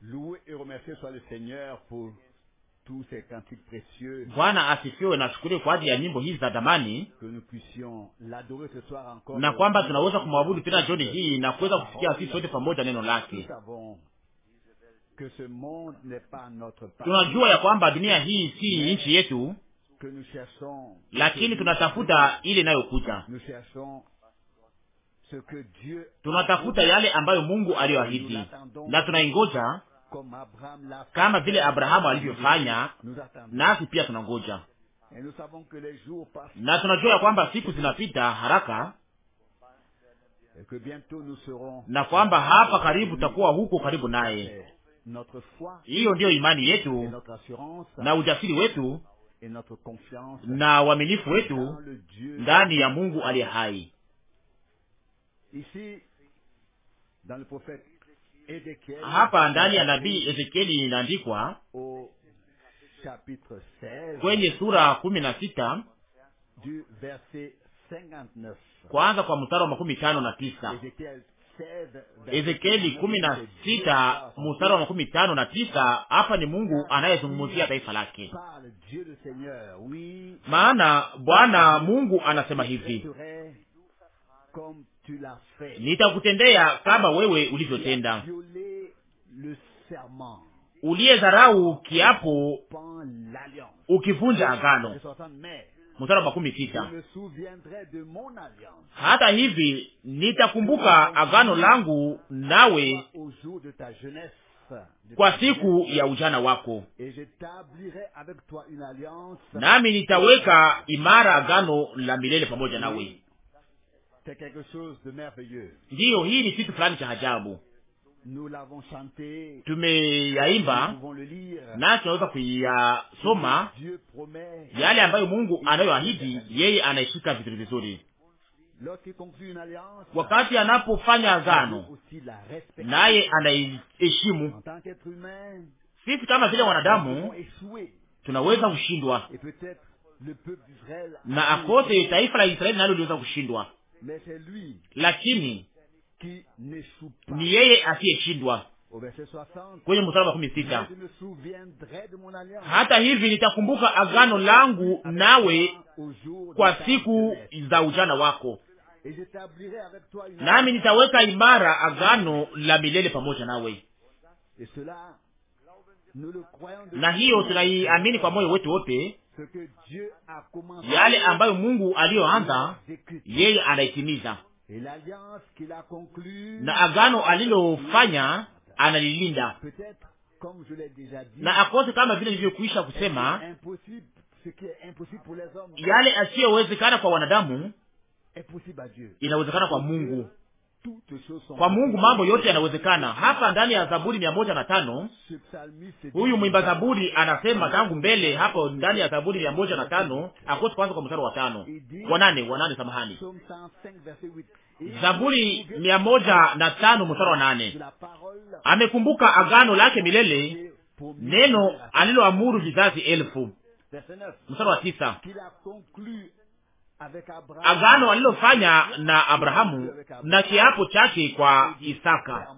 Loué et remercié soit le Seigneur pour tous ces cantiques précieux. Bwana asifiwe na shukuriwe kwa ajili ya nyimbo hizi za damani, que nous puissions l'adorer ce soir encore. na kwamba tunaweza kumwabudu tena jioni hii na kuweza kufikia sisi sote pamoja neno lake. que ce monde n'est pas notre part, Tunajua ya kwamba dunia hii si nchi yetu, que nous cherchons, lakini tunatafuta ile inayokuja. nous cherchons tunatafuta yale ambayo Mungu aliyoahidi na tunaingoja kama vile Abrahamu alivyofanya, nasi pia tunangoja na tunajua ya kwamba siku zinapita haraka na kwamba hapa karibu tutakuwa huko karibu naye. Hiyo ndiyo imani yetu na ujasiri wetu na uaminifu wetu ndani ya Mungu aliye hai. Hapa ndani ya nabii Ezekieli inaandikwa kwenye sura kumi na sita kwanza kwa mstari wa makumi tano na tisa Ezekieli kumi na sita mstari wa makumi tano na tisa Hapa ni Mungu anayezungumzia taifa lake, maana Bwana Mungu anasema hivi nitakutendea kama wewe ulivyotenda. Uliye dharau kiapo, ukivunja agano. Mstari wa kumi sita. Hata hivi nitakumbuka agano langu nawe kwa siku ya ujana wako, nami nitaweka imara agano la milele pamoja nawe ndiyo, hii ni kitu fulani cha ajabu. Tumeyaimba na tunaweza kuyasoma yale ambayo Mungu anayoahidi, yeye anaishika vizuri vizuri wakati anapofanya agano, naye anaiheshimu. Sisi kama vile wanadamu tunaweza kushindwa na akose taifa la Israeli nalo liweza kushindwa, lakini ni yeye asiyeshindwa. Kwenye mstari wa kumi sita hata hivi nitakumbuka agano langu nawe kwa siku za ujana wako, nami nitaweka imara agano la milele pamoja nawe. Na hiyo tunaiamini kwa moyo wetu wote yale ambayo Mungu aliyoanza yeye anaitimiza, na agano alilofanya analilinda, na akose, kama vile nilivyokwisha kusema, yale asiyowezekana kwa wanadamu inawezekana kwa Mungu. Kwa Mungu mambo yote yanawezekana. Hapa ndani ya Zaburi mia moja na tano huyu mwimba zaburi anasema tangu mbele hapo ndani ya Zaburi mia moja na tano akose kwanza kwa mstari wa tano wa nane wa nane samahani, Zaburi mia moja na tano mstari wa nane amekumbuka agano lake milele, neno aliloamuru vizazi elfu. Mstari wa tisa agano alilofanya na Abrahamu na kiapo chake kwa Isaka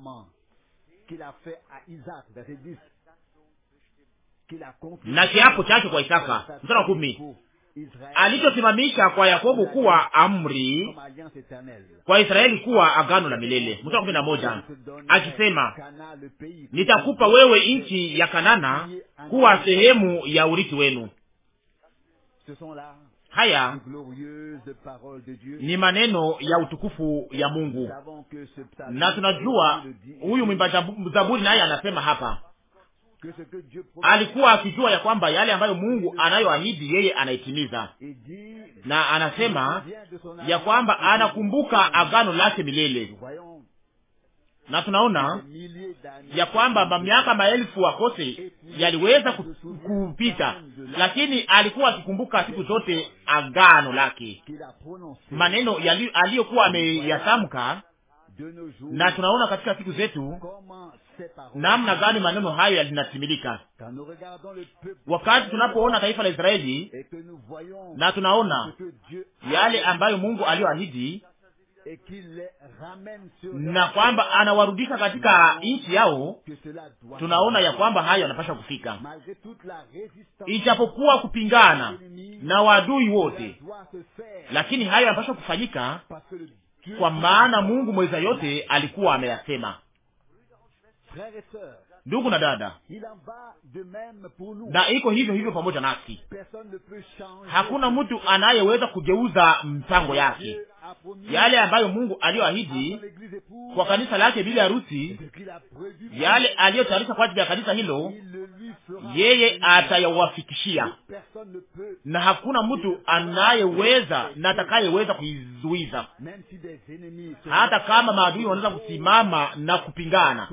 na kiapo chake kwa Isaka, mstari wa kumi, alichosimamisha kwa Yakobo kuwa amri, kwa Israeli kuwa agano la milele. Mstari wa kumi na moja akisema, nitakupa wewe nchi ya Kanana kuwa sehemu ya urithi wenu. Haya ni maneno ya utukufu ya Mungu, na tunajua huyu mwimba zaburi naye anasema hapa, alikuwa akijua ya kwamba yale ambayo Mungu anayoahidi yeye anaitimiza, na anasema ya kwamba anakumbuka agano lake milele na tunaona ya kwamba miaka maelfu akose yaliweza kupita, lakini alikuwa akikumbuka siku zote agano lake, maneno aliyokuwa ameyatamka. Na tunaona katika siku zetu namna gani maneno hayo yalinatimilika, wakati tunapoona taifa la Israeli na tunaona yale ambayo Mungu aliyoahidi na kwamba anawarudisha katika nchi yao. Tunaona ya kwamba hayo anapasha kufika, ijapokuwa kupingana na wadui wote, lakini hayo anapasha kufanyika kwa maana Mungu mweza yote alikuwa ameyasema. Ndugu na dada, na iko hivyo hivyo pamoja nasi. Hakuna mtu anayeweza kugeuza mpango yake, yale ambayo Mungu aliyoahidi kwa kanisa lake bila harusi, yale aliyotayarisha kwa ajili ya kanisa hilo, yeye atayawafikishia, na hakuna mtu anayeweza na atakayeweza kuizuiza, hata kama maadui wanaweza kusimama na kupingana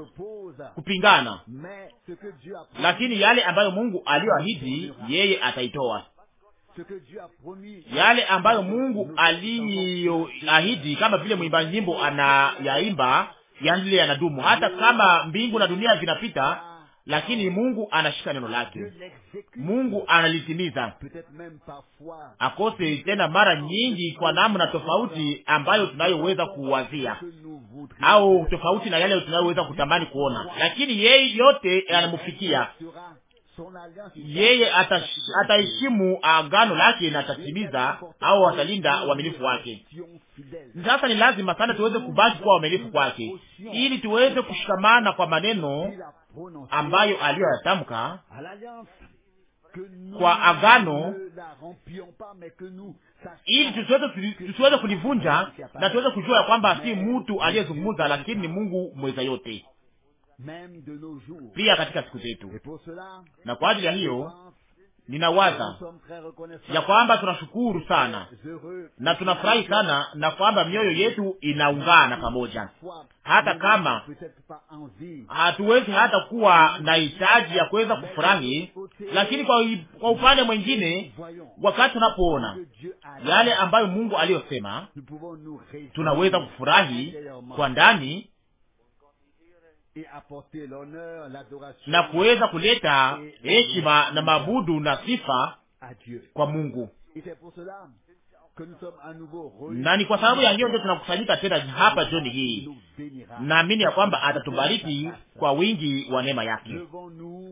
kupingana, lakini yale ambayo Mungu aliyoahidi yeye ataitoa yale ambayo Mungu aliyoahidi, kama vile mwimba nyimbo ana yaimba yandile yanadumu, hata kama mbingu na dunia vinapita lakini Mungu anashika neno lake, Mungu analitimiza akose tena, mara nyingi kwa namna tofauti ambayo tunayoweza kuwazia au tofauti na yale tunayoweza kutamani kuona, lakini yeye yote anamufikia yeye. Ataheshimu agano lake na atatimiza au atalinda uaminifu wake. Sasa ni lazima sana tuweze kubaki kuwa uaminifu kwake, ili tuweze kushikamana kwa maneno ambayo aliyoyatamka kwa agano, ili tusiweze kulivunja na tuweze kujua ya kwamba si mtu aliyezungumza, lakini ni Mungu mweza yote, pia katika siku zetu. Na kwa ajili ya hiyo ninawaza ya kwamba tunashukuru sana na tunafurahi sana na kwamba mioyo yetu inaungana pamoja, hata kama hatuwezi hata kuwa na hitaji ya kuweza kufurahi, lakini kwa, kwa upande mwingine, wakati tunapoona yale ambayo Mungu aliyosema, tunaweza kufurahi kwa ndani na kuweza kuleta heshima na mabudu na sifa kwa Mungu. Na ni kwa sababu ya hiyo ndio tunakusanyika tena hapa jioni hii. Naamini ya kwamba atatubariki kwa wingi wa neema yake.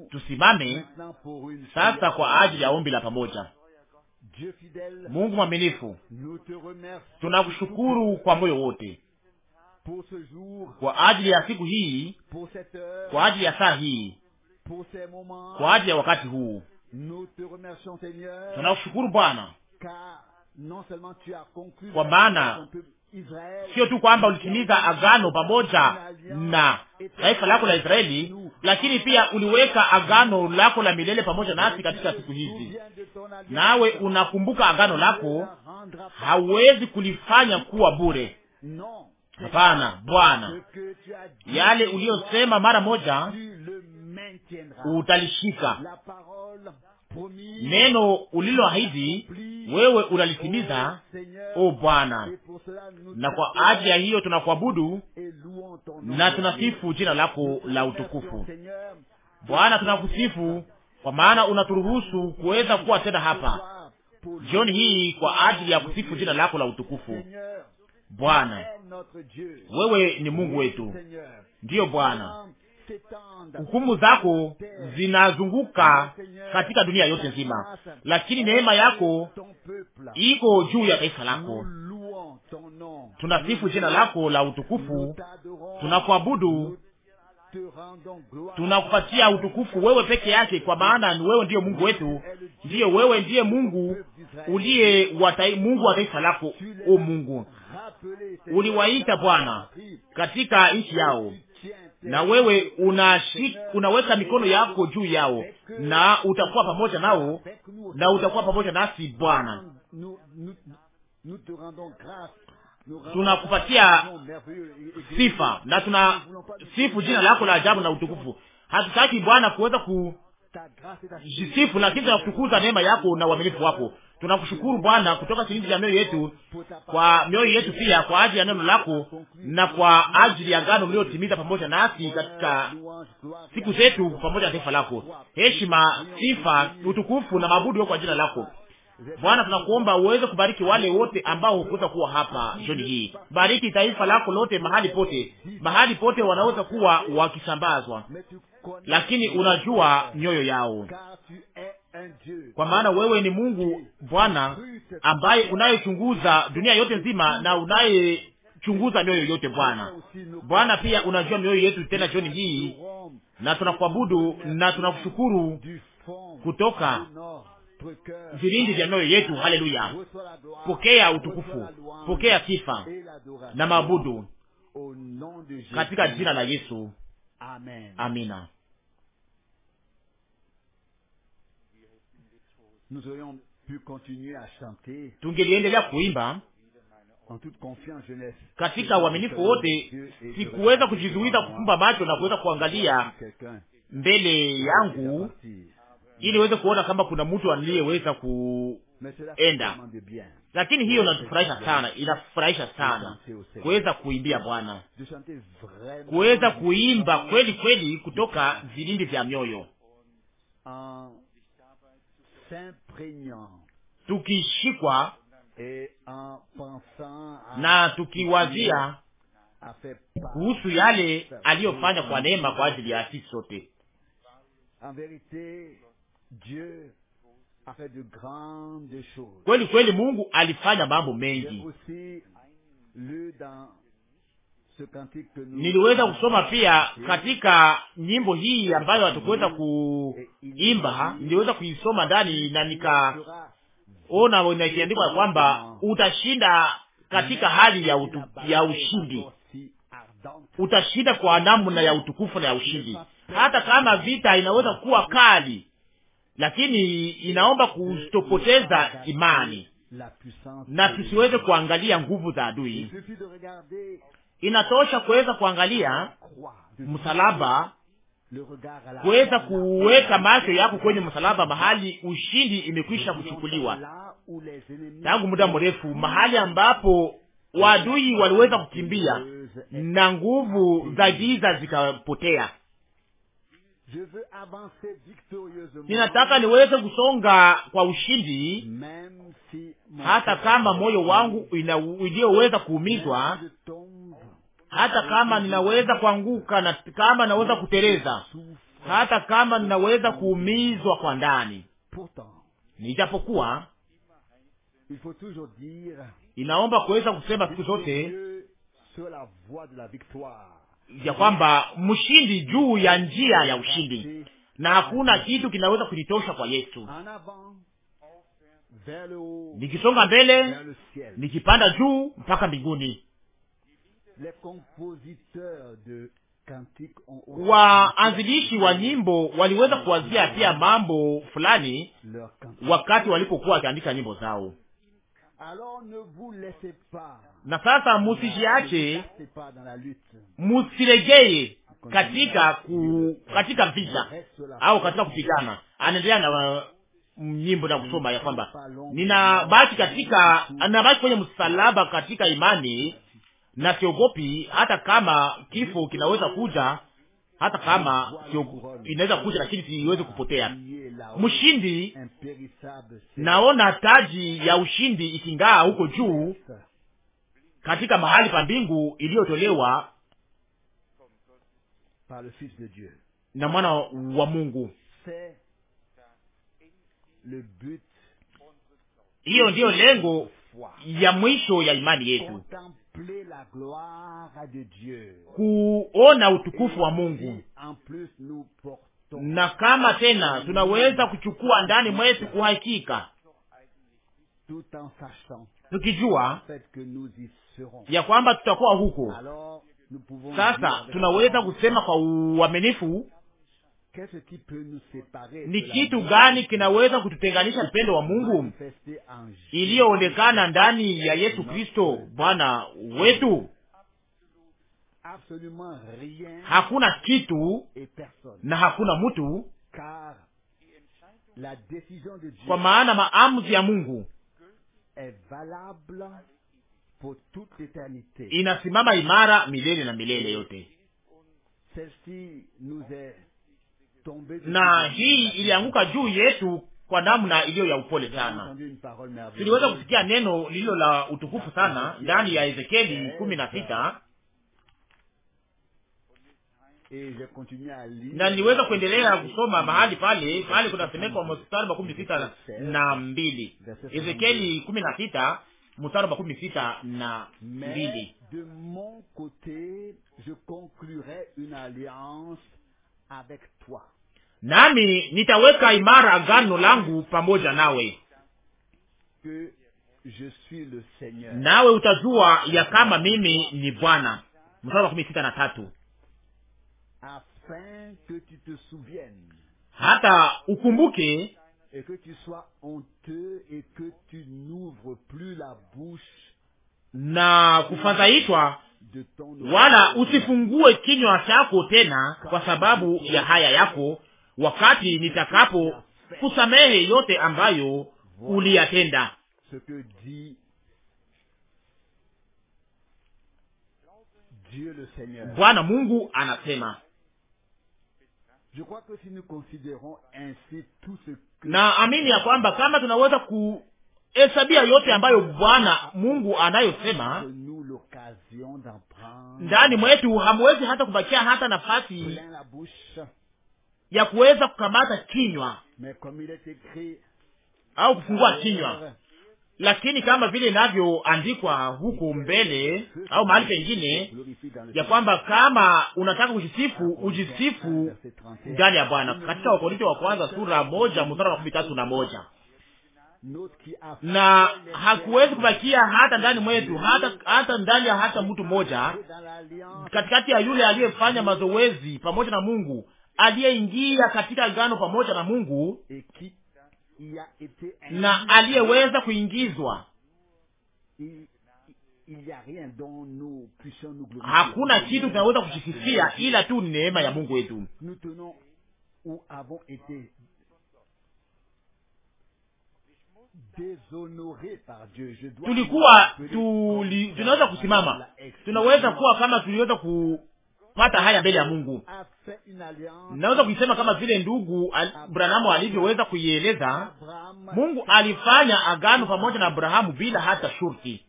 Tusimame sasa kwa ajili ya ombi la pamoja. Mungu mwaminifu, tunakushukuru kwa moyo wote kwa ajili ya siku hii, kwa ajili ya saa hii, kwa ajili ya wakati huu. Tunakushukuru Bwana kwa maana sio tu kwamba ulitimiza agano pamoja na taifa lako la Israeli, lakini pia uliweka agano lako la milele pamoja nasi katika siku hizi. Nawe unakumbuka agano lako, hauwezi kulifanya kuwa bure. Hapana Bwana, yale uliyosema mara moja utalishika, neno uliloahidi wewe unalitimiza, o Bwana. Na kwa ajili ya hiyo tunakuabudu na tunasifu jina lako la utukufu. Bwana, tunakusifu kwa maana unaturuhusu kuweza kuwa tena hapa jioni hii kwa ajili ya kusifu jina lako la utukufu. Bwana, wewe ni Mungu wetu. Ndiyo Bwana, hukumu zako zinazunguka katika dunia yote nzima, lakini neema yako iko juu ya taifa lako. Tunasifu jina lako la utukufu, tunakuabudu, tunakupatia utukufu wewe peke yake, kwa maana ni wewe ndiyo Mungu wetu, ndiyo wewe ndiye Mungu uliye Mungu wa taifa lako, o Mungu uliwaita Bwana katika nchi yao, na wewe unaweka mikono yako juu yao, na utakuwa pamoja nao na utakuwa pamoja nasi. Bwana, tunakupatia sifa na tuna sifu jina lako la ajabu na utukufu. Hatutaki Bwana kuweza kujisifu, lakini tunakutukuza neema yako na uaminifu wako Tunakushukuru Bwana kutoka chini ya mioyo yetu, kwa mioyo yetu pia kwa ajili ya neno lako na kwa ajili ya gano mliotimiza pamoja nasi katika siku zetu pamoja na taifa lako. Heshima, sifa, utukufu na mabudu kwa jina lako Bwana. Tunakuomba uweze kubariki wale wote ambao hukuweza kuwa hapa jioni hii. Bariki taifa lako lote mahali pote, mahali pote wanaweza kuwa wakisambazwa, lakini unajua nyoyo yao kwa maana wewe ni Mungu Bwana ambaye unayechunguza dunia yote nzima na unayechunguza mioyo yote. Bwana Bwana, pia unajua mioyo yetu tena jioni hii, na tunakuabudu na tunakushukuru kutoka vilindi vya mioyo yetu. Haleluya! Pokea utukufu, pokea sifa na maabudu katika jina la Yesu. Amen. Amina. tungeliendelea kuimba katika uaminifu wote, sikuweza kujizuiza kufumba macho na kuweza kuangalia mbele yangu ili weze kuona kama kuna mtu aliyeweza kuenda, lakini hiyo inatufurahisha sana, inafurahisha sana kuweza kuimbia Bwana, kuweza kuimba kweli kweli kutoka vilindi vya mioyo tukishikwa na tukiwazia kuhusu yale aliyofanya kwa neema kwa ajili ya sisi sote. Kweli kweli Mungu alifanya mambo mengi niliweza kusoma pia katika nyimbo hii ambayo hatukuweza kuimba, niliweza kuisoma ndani na nikaona ya kwamba utashinda katika hali ya, utu, ya ushindi utashinda kwa namna ya utukufu na ya ushindi. Hata kama vita inaweza kuwa kali, lakini inaomba kutopoteza imani na tusiweze kuangalia nguvu za adui, inatosha kuweza kuangalia msalaba, kuweza kuweka macho yako kwenye msalaba, mahali ushindi imekwisha kuchukuliwa tangu muda mrefu, mahali ambapo waadui waliweza kukimbia na nguvu za giza zikapotea. Ninataka niweze kusonga kwa ushindi, hata kama moyo wangu ulioweza kuumizwa hata kama ninaweza kuanguka na kama ninaweza kuteleza, hata kama ninaweza kuumizwa kwa ndani, nijapokuwa inaomba kuweza kusema siku zote ya kwamba mshindi juu ya njia ya ushindi, na hakuna kitu kinaweza kujitosha kwa Yesu. Nikisonga mbele, nikipanda juu mpaka mbinguni Waanzilishi wa nyimbo waliweza kuwazia pia mambo fulani wakati walipokuwa wakiandika nyimbo zao. Na sasa musijiache, musiregeye katika ku, katika vita au katika kupigana. Anaendelea na mm, nyimbo na kusoma ya kwamba ninabaki katika, ninabaki kwenye msalaba katika imani na siogopi, hata kama kifo kinaweza kuja, hata kama inaweza kuja, lakini siwezi kupotea. Mshindi, naona taji ya ushindi ikingaa huko juu katika mahali pa mbingu iliyotolewa na mwana wa Mungu. Hiyo ndiyo lengo ya mwisho ya imani yetu kuona utukufu wa Mungu, na kama tena tunaweza kuchukua ndani mwetu kuhakika tukijua ya kwamba tutakuwa huko. Sasa tunaweza kusema kwa uaminifu ni kitu gani kinaweza kututenganisha upendo wa Mungu iliyoonekana ndani ya Yesu Kristo Bwana wetu? Hakuna kitu na hakuna mtu, kwa maana maamuzi ya Mungu inasimama imara milele na milele yote na hii ilianguka juu yetu kwa namna iliyo ya upole sana. Tuliweza kusikia neno lililo la utukufu sana ndani ya Ezekieli kumi na sita na niliweza kuendelea kusoma mahali pale pale, kunasemekwa mstari wa kumi sita na mbili Ezekieli kumi na sita mstari wa kumi sita na mbili de mon cote je conclurai une alliance avec toi nami nitaweka imara agano langu pamoja nawe, nawe utajua ya kama mimi ni Bwana. Mstari wa sita na tatu hata ukumbuke et que tu sois honteux et que tu n'ouvres plus la bouche na kufadhaishwa, wala usifungue kinywa chako tena kwa sababu ya haya yako, wakati nitakapo kusamehe yote ambayo uliyatenda. Bwana Mungu anasema na amini ya kwamba kama tunaweza kuhesabia yote ambayo Bwana Mungu anayosema ndani mwetu, hamwezi hata kubakia hata nafasi ya kuweza kukamata kinywa au kufungua kinywa, lakini kama vile inavyoandikwa huko mbele au mahali pengine, ya kwamba kama unataka kujisifu, ujisifu ndani ya Bwana, katika Wakorinto wa kwanza sura moja mstari wa kumi tatu na moja na hakuwezi kubakia hata ndani mwetu hata hata ndani ya hata mtu mmoja katikati ya yule aliyefanya mazoezi pamoja na Mungu aliyeingia katika gano pamoja na Mungu na aliyeweza kuingizwa. Hakuna kitu kinaweza kujisifia ila tu neema ya Mungu wetu. Tulikuwa tuli, tunaweza kusimama, tunaweza kuwa kama tuliweza ku kupata haya mbele ya Mungu. Naweza kuisema kama vile ndugu al, Branamu alivyoweza kuieleza. Mungu alifanya agano pamoja na Abrahamu bila hata shurti.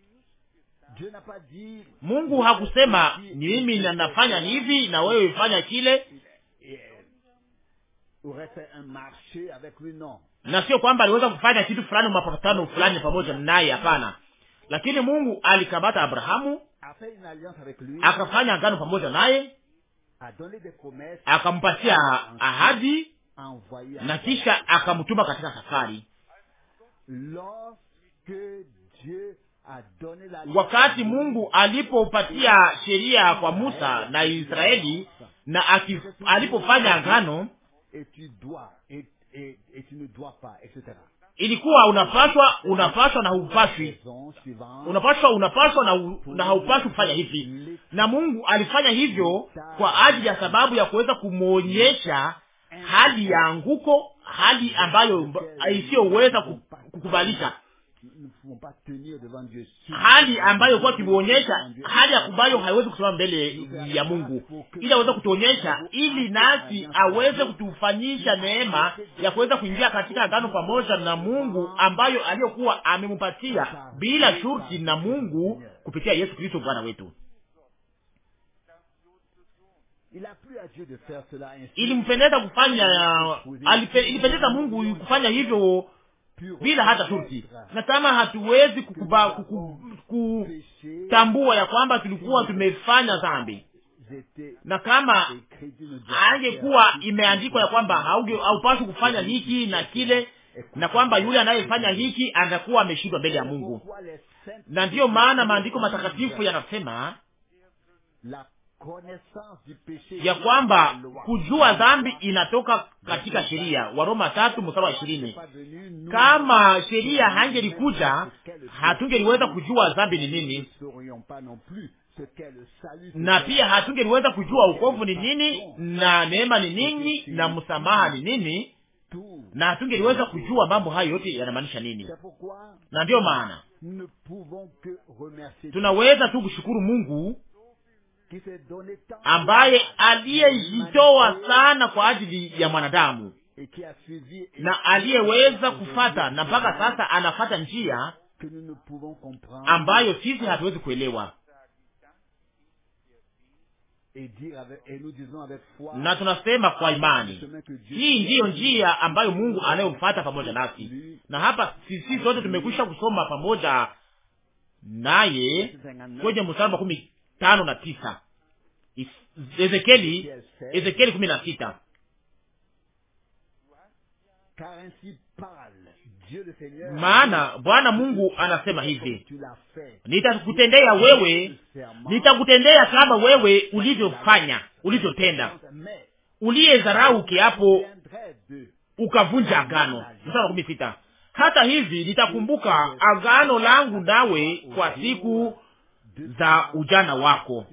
Mungu hakusema ni mimi nanafanya hivi na wewe ifanya kile, na sio kwamba aliweza kufanya kitu fulani, mapatano fulani pamoja naye. Hapana, lakini Mungu alikamata Abrahamu akafanya agano pamoja naye, akampatia ahadi na kisha akamtuma katika safari. Wakati Mungu alipopatia sheria kwa Musa na Israeli na alipofanya agano ilikuwa unapaswa unapaswa na haupaswi, unapaswa unapaswa na, na haupaswi kufanya hivi, na Mungu alifanya hivyo kwa ajili ya sababu ya kuweza kumwonyesha hali ya anguko, hali ambayo isiyoweza kukubalika hali ambayo kuwa kimuonyesha hali ambayo haiwezi kusimama mbele ya Mungu, ili aweze kutuonyesha, ili nasi aweze kutufanyisha neema ya kuweza kuingia katika agano pamoja na Mungu ambayo aliyokuwa amemupatia bila shurti na Mungu kupitia Yesu Kristo Bwana wetu. Ilimpendeza kufanya, ilipendeza Mungu kufanya hivyo bila hata shurti, na kama hatuwezi kutambua ya kwamba tulikuwa tumefanya dhambi na kama angekuwa imeandikwa ya kwamba haupaswi kufanya hiki na kile, na kwamba yule anayefanya hiki anakuwa ameshindwa mbele ya Mungu. Na ndiyo maana maandiko matakatifu yanasema ya kwamba kujua dhambi inatoka katika sheria. Waroma tatu mstari wa ishirini. Kama sheria hangelikuja hatungeliweza kujua dhambi ni nini, na pia hatungeliweza kujua ukovu ni nini na neema ni nini na msamaha ni nini, na hatungeliweza kujua mambo hayo yote yanamaanisha nini. Na ndiyo maana tunaweza tu kushukuru Mungu ambaye aliyejitoa sana kwa ajili ya mwanadamu na aliyeweza kufata na mpaka sasa anafata njia ambayo sisi hatuwezi kuelewa, na tunasema kwa imani, hii ndiyo njia ambayo Mungu anayomfata pamoja nasi. Na hapa sisi sote tumekwisha kusoma pamoja naye kwenye mstari kumi tano na tisa Ezekieli, Ezekieli kumi na sita. Maana Bwana Mungu anasema hivi, nitakutendea wewe, nitakutendea kama wewe ulivyofanya, ulivyotenda, uliyedharau kiapo ukavunja agano. Mstari wa kumi sita, hata hivi nitakumbuka agano langu nawe kwa siku za ujana wako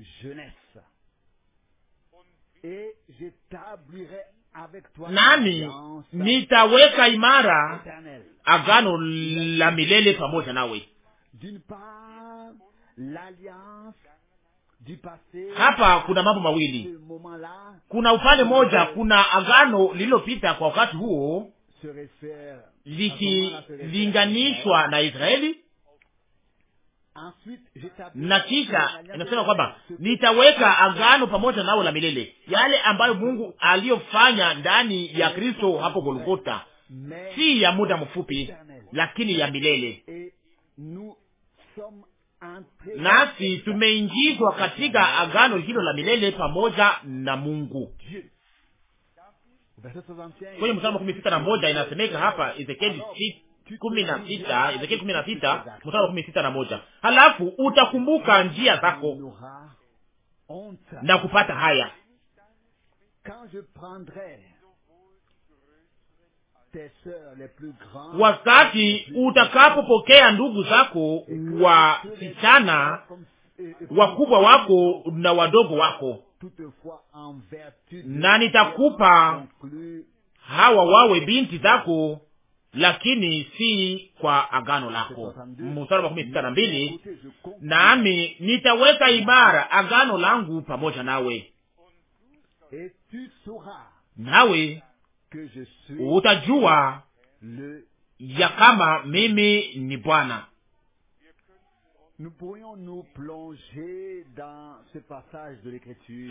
nami nitaweka imara agano la milele pamoja nawe. Hapa kuna mambo mawili, kuna upande moja, kuna agano lililopita kwa wakati huo likilinganishwa na Israeli na kisha inasema kwamba nitaweka agano pamoja nao la milele, yale ambayo Mungu aliyofanya ndani ya Kristo hapo Golgota, si ya muda mfupi, lakini ya milele. Nasi tumeingizwa katika agano hilo la milele pamoja na Mungu. Kwenye mstari makumi sita na moja inasemeka hapa, Ezekieli kumi na sita Ezekieli kumi na sita mstari wa kumi sita na moja halafu utakumbuka njia zako na kupata haya wakati utakapopokea ndugu zako wasichana wakubwa wako na wadogo wako, na nitakupa hawa wawe binti zako lakini si kwa agano lako. Mstari wa kumi sita na mbili, nami nitaweka imara agano langu pamoja nawe, nawe utajua ya kama mimi ni Bwana.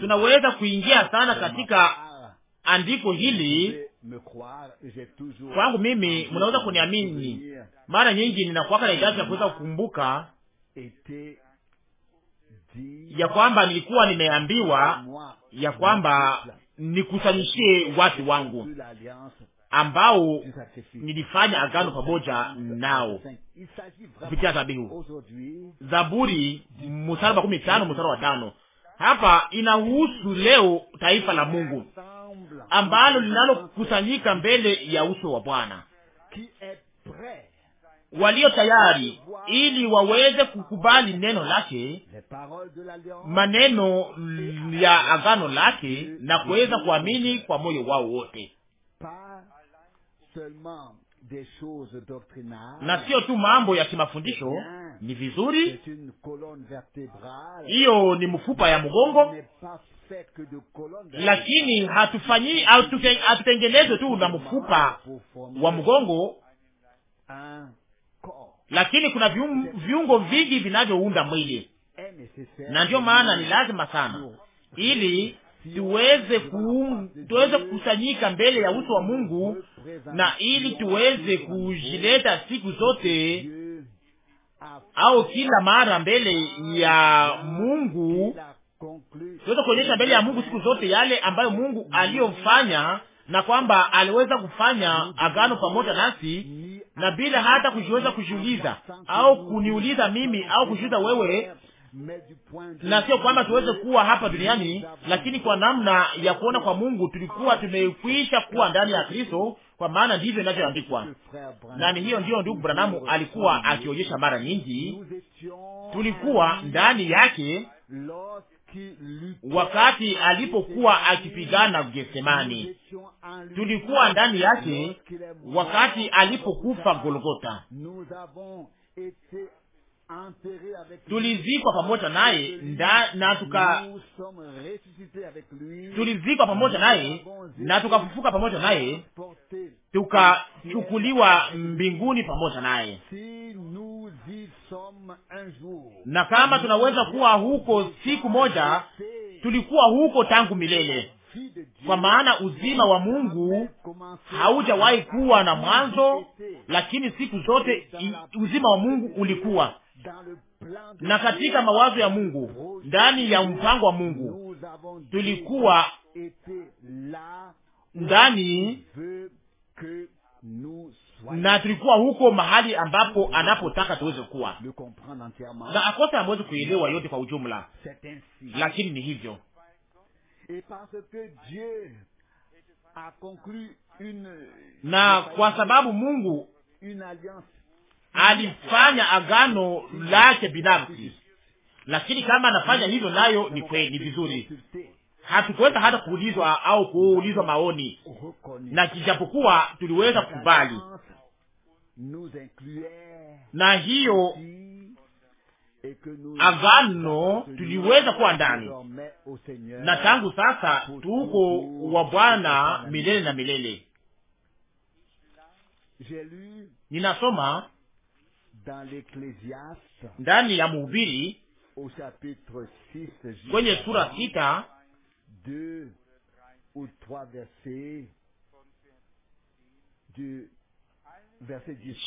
Tunaweza kuingia sana katika andiko hili kwangu mimi, mnaweza kuniamini. Mara nyingi ninakuwaka na idadi ya kuweza kukumbuka ya kwamba nilikuwa nimeambiwa ya kwamba nikusanyishie watu wangu ambao nilifanya agano pamoja nao kupitia zabihu. Zaburi mstari wa kumi tano mstari wa tano. Hapa inahusu leo taifa la Mungu ambalo linalokusanyika mbele ya uso wa Bwana, walio tayari ili waweze kukubali neno lake, maneno ya agano lake, na kuweza kuamini kwa moyo wao wote, na sio tu mambo ya kimafundisho. Eh ni vizuri, hiyo ni mfupa ya mgongo, lakini hatufanyi hatutengenezwe tu na mfupa wa mgongo, lakini kuna viungo vingi vinavyounda mwili, na ndiyo maana ni lazima sana ili tuweze ku, tuweze kukusanyika mbele ya uso wa Mungu na ili tuweze kujileta siku zote au kila mara mbele ya Mungu tuweze kuonyesha mbele ya Mungu siku zote yale ambayo Mungu aliyofanya na kwamba aliweza kufanya agano pamoja nasi na bila hata kujiweza kujiuliza au kuniuliza mimi au kujiuliza wewe, na sio kwamba tuweze kuwa hapa duniani, lakini kwa namna ya kuona kwa Mungu tulikuwa tumekwisha kuwa ndani ya Kristo, kwa maana ndivyo inavyoandikwa. ni hiyo ndiyo ndugu Branamu alikuwa akionyesha mara nyingi, tulikuwa ndani yake wakati alipokuwa akipigana Getsemani, tulikuwa ndani yake wakati alipokufa Golgota, tulizikwa pamoja naye na tuka tulizikwa pamoja naye na tukafufuka pamoja naye, tukachukuliwa mbinguni pamoja naye na kama tunaweza kuwa huko siku moja, tulikuwa huko tangu milele, kwa maana uzima wa Mungu haujawahi kuwa na mwanzo, lakini siku zote uzima wa Mungu ulikuwa na katika mawazo ya Mungu, ndani ya mpango wa Mungu tulikuwa ndani na tulikuwa huko mahali ambapo anapotaka tuweze kuwa, na akosa amwezi kuelewa yote kwa ujumla, lakini ni hivyo na kwa sababu Mungu alifanya agano lake binafsi, lakini kama anafanya hivyo, nayo ni kweli, ni vizuri. Hatukuweza hata kuulizwa au kuulizwa maoni, na kijapokuwa tuliweza kukubali na hiyo agano tuliweza kuwa ndani na tangu sasa tuko wa Bwana milele na milele. Ninasoma ndani ya Mhubiri kwenye sura sita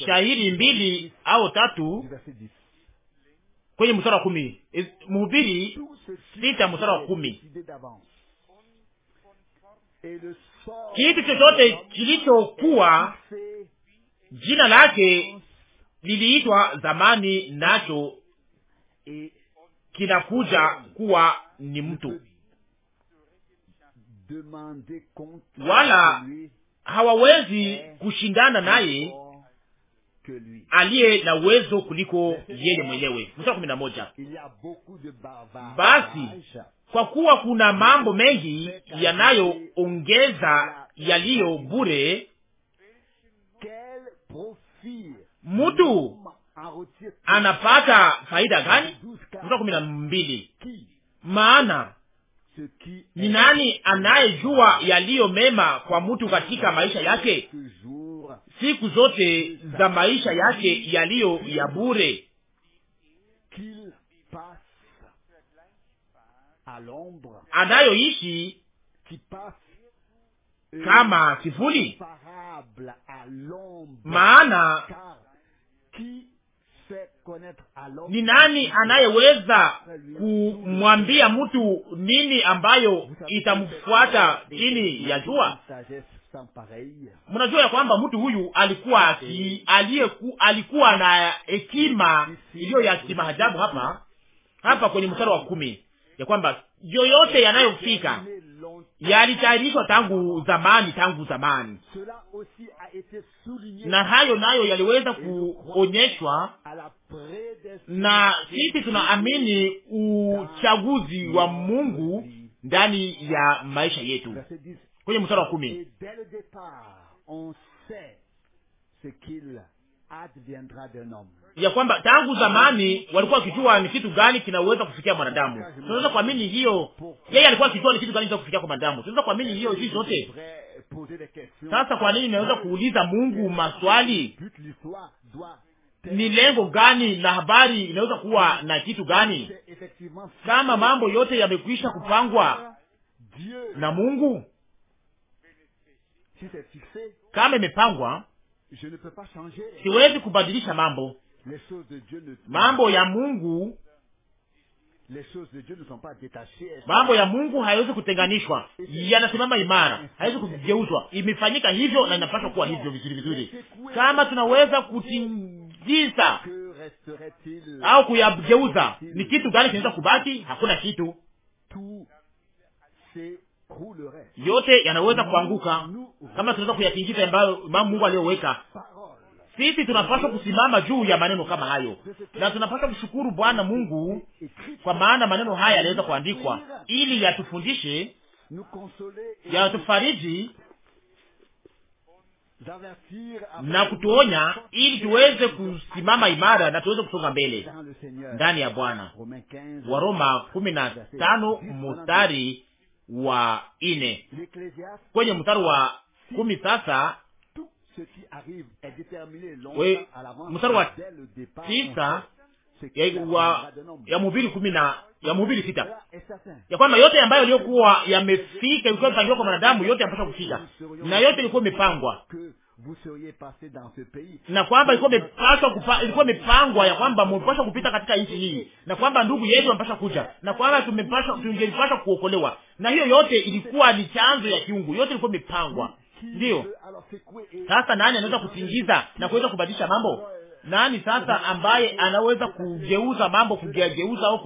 shahiri mbili au tatu kwenye mstari wa kumi. Eh, mhubiri sita mstari wa kumi, kitu chochote kilichokuwa jina lake liliitwa zamani, nacho kinakuja kuwa ni mtu, wala hawawezi kushindana naye aliye na uwezo kuliko yeye mwenyewe. Mstari kumi na moja. Basi kwa kuwa kuna mambo mengi yanayoongeza yaliyo bure, mtu anapata faida gani? Mstari kumi na mbili. Maana ni nani anayejua yaliyo mema kwa mtu katika maisha yake siku zote za maisha yake yaliyo ya bure anayoishi kama sifuli, maana ni nani anayeweza kumwambia mtu nini ambayo itamfuata chini ya jua? Mnajua ya kwamba mtu huyu alikuwa eh. alikuwa na hekima iliyo ya kimaajabu hapa hapa kwenye mstari wa kumi ya kwamba yoyote yanayofika yalitayarishwa tangu zamani, tangu zamani, na hayo nayo yaliweza kuonyeshwa, na sisi tunaamini uchaguzi wa Mungu ndani ya maisha yetu kwenye mstari wa kumi ya kwamba tangu zamani walikuwa wakijua ni kitu gani kinaweza kufikia mwanadamu. Tunaweza kuamini hiyo, yeye alikuwa akijua ni kitu gani kinaweza kufikia kwa mwanadamu. Tunaweza kuamini hiyo sisi zote. Sasa kwa nini naweza kuuliza Mungu maswali? Ni lengo gani na habari inaweza kuwa na kitu gani, kama mambo yote yamekwisha kupangwa na Mungu? kama imepangwa, siwezi kubadilisha mambo. Mambo ya Mungu, mambo ya Mungu hayawezi kutenganishwa, yanasimama imara, hawezi kugeuzwa. Imefanyika hivyo na inapaswa kuwa hivyo vizuri vizuri. Kama tunaweza kutingiza au kuyageuza, ni kitu gani kinaweza kubaki? Hakuna kitu yote yanaweza kuanguka kama tunaweza kuyatingiza ambayo Mungu aliyoweka. Sisi tunapaswa kusimama juu ya maneno kama hayo, na tunapaswa kushukuru Bwana Mungu kwa maana maneno haya yanaweza kuandikwa ili yatufundishe, yatufariji na kutuonya, ili tuweze kusimama imara na tuweze kusonga mbele ndani ya Bwana. Waroma kumi na tano mustari wa ine kwenye mstari wa kumi. Sasa mstari wa tisa ya Mhubiri kumi na ya Mhubiri sita ya kwamba yote ambayo yaliyokuwa yamefika ilikuwa imepangiwa kwa mwanadamu, yote yapasha kufika na yote ilikuwa imepangwa na kwamba ilikuwa imepaswa kupa, ilikuwa imepangwa ya kwamba mlipaswa kupita katika nchi hii, na kwamba ndugu yetu amepaswa kuja, na kwamba tumepaswa tungelipaswa kuokolewa, na hiyo yote ilikuwa ni chanzo ya kiungu, yote ilikuwa imepangwa. Ndiyo sasa nani anaweza kutingiza na kuweza kubadilisha mambo? Nani sasa ambaye anaweza kugeuza mambo, kugeuza au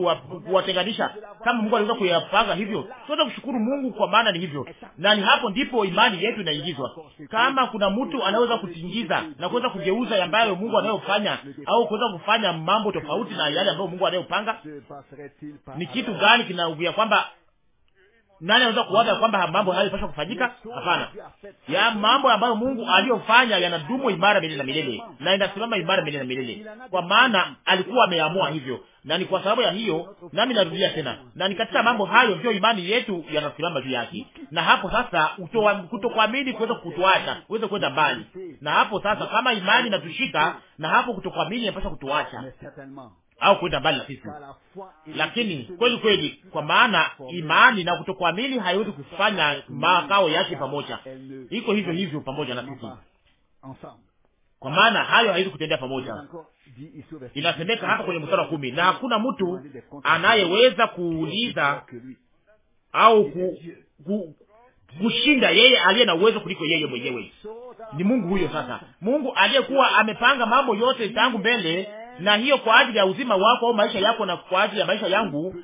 kuwatenganisha, kama Mungu aliweza kuyapanga hivyo? Tunaweza kushukuru Mungu kwa maana ni hivyo, na ni hapo ndipo imani yetu inaingizwa. Kama kuna mtu anaweza kutingiza na kuweza kugeuza ambayo Mungu anayofanya au kuweza kufanya mambo tofauti na yale ambayo Mungu anayopanga, ni kitu gani kinaugia kwamba nani anaweza kuwaza kwamba mambo hayo yapaswa kufanyika? Hapana, ya mambo ambayo Mungu aliyofanya yanadumu imara milele na milele, na inasimama imara milele na milele, kwa maana alikuwa ameamua hivyo, na ni kwa sababu ya hiyo, nami narudia tena, na ni katika mambo hayo ndio imani yetu yanasimama juu yake. Na hapo sasa, kutokuamini kuweza kutuacha uweze kwenda mbali, na hapo sasa, kama imani inatushika, na hapo kutokuamini inapaswa kutuacha au kwenda mbali na sisi, lakini kweli kweli, kwa maana imani na kutokuamini haiwezi kufanya makao yake pamoja, iko hivyo hivyo pamoja na sisi, kwa maana hayo haiwezi kutendea pamoja. Inasemeka hapa kwenye mstari wa kumi, na hakuna mtu anayeweza kuuliza au ku, ku, kushinda yeye aliye na uwezo kuliko yeye mwenyewe. Ni Mungu huyo. Sasa Mungu aliyekuwa amepanga mambo yote tangu mbele na hiyo kwa ajili ya uzima wako au maisha yako na kwa ajili ya maisha yangu,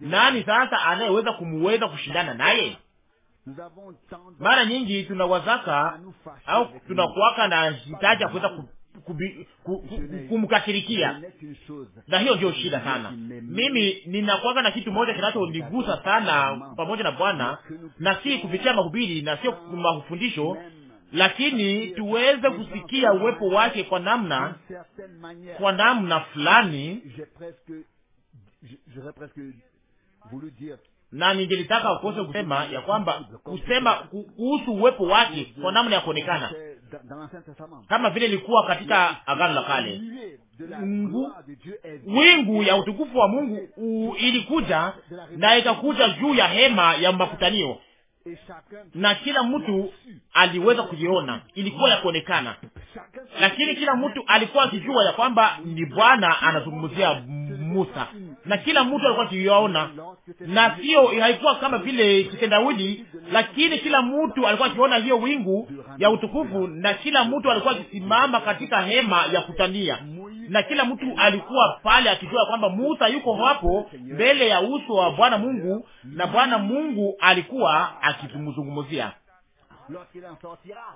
nani sasa anayeweza kumuweza kushindana naye? Mara nyingi tunawazaka au tunakuwaka na hitaji ya kuweza ku kumkasirikia na hiyo ndio shida sana. Mimi ninakwanga na kitu moja kinachonigusa sana pamoja na Bwana, na si kupitia mahubiri na sio mafundisho, lakini tuweze kusikia uwepo wake kwa namna kwa namna fulani, na ningelitaka ukose kusema ya kwamba kusema kuhusu uwepo wake kwa namna ya kuonekana kama vile ilikuwa katika Agano la Kale, wingu ya utukufu wa Mungu ilikuja na ikakuja juu ya hema ya makutanio na kila mtu aliweza kujiona, ilikuwa ya kuonekana, lakini kila mtu alikuwa akijua ya kwamba ni Bwana anazungumzia Musa, na kila mtu alikuwa akiona, na sio haikuwa kama vile kitendawili, lakini kila mtu alikuwa akiona hiyo wingu ya utukufu, na kila mtu alikuwa akisimama katika hema ya kutania na kila mtu alikuwa pale akijua kwamba Musa yuko hapo mbele ya uso wa Bwana Mungu, na Bwana Mungu alikuwa akizungumzia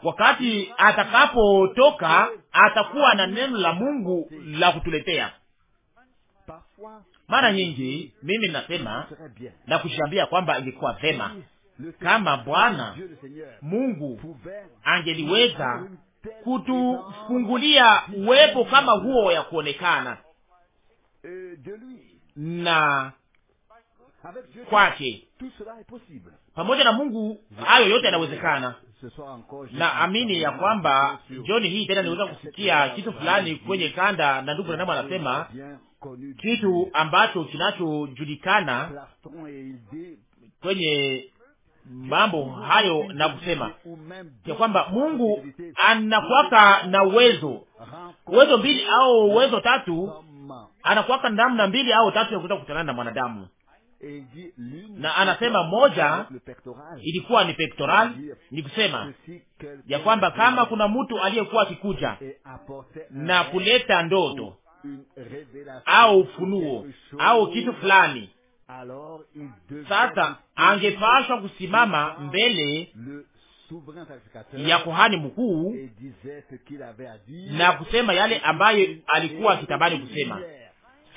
Wakati atakapotoka atakuwa na neno la Mungu la kutuletea. Mara nyingi mimi nasema na kushambia kwamba ilikuwa vema kama Bwana Mungu angeliweza kutufungulia uwepo kama huo ya kuonekana na kwake. Pamoja na Mungu hayo yote yanawezekana. Na amini ya kwamba jioni hii tena niweza kusikia kitu fulani kwenye kanda, na ndugu Branamu anasema kitu ambacho kinachojulikana kwenye mambo hayo na kusema ya kwamba Mungu anakuwaka na uwezo uwezo mbili au uwezo tatu, anakuwaka namna mbili au tatu ya kuweza kukutana na mwanadamu, na anasema moja ilikuwa ni pectoral, ni kusema ya kwamba kama kuna mtu aliyekuwa akikuja na kuleta ndoto au funuo au kitu fulani sasa angepashwa kusimama mbele ya kohani mkuu na kusema yale ambayo alikuwa akitamani kusema,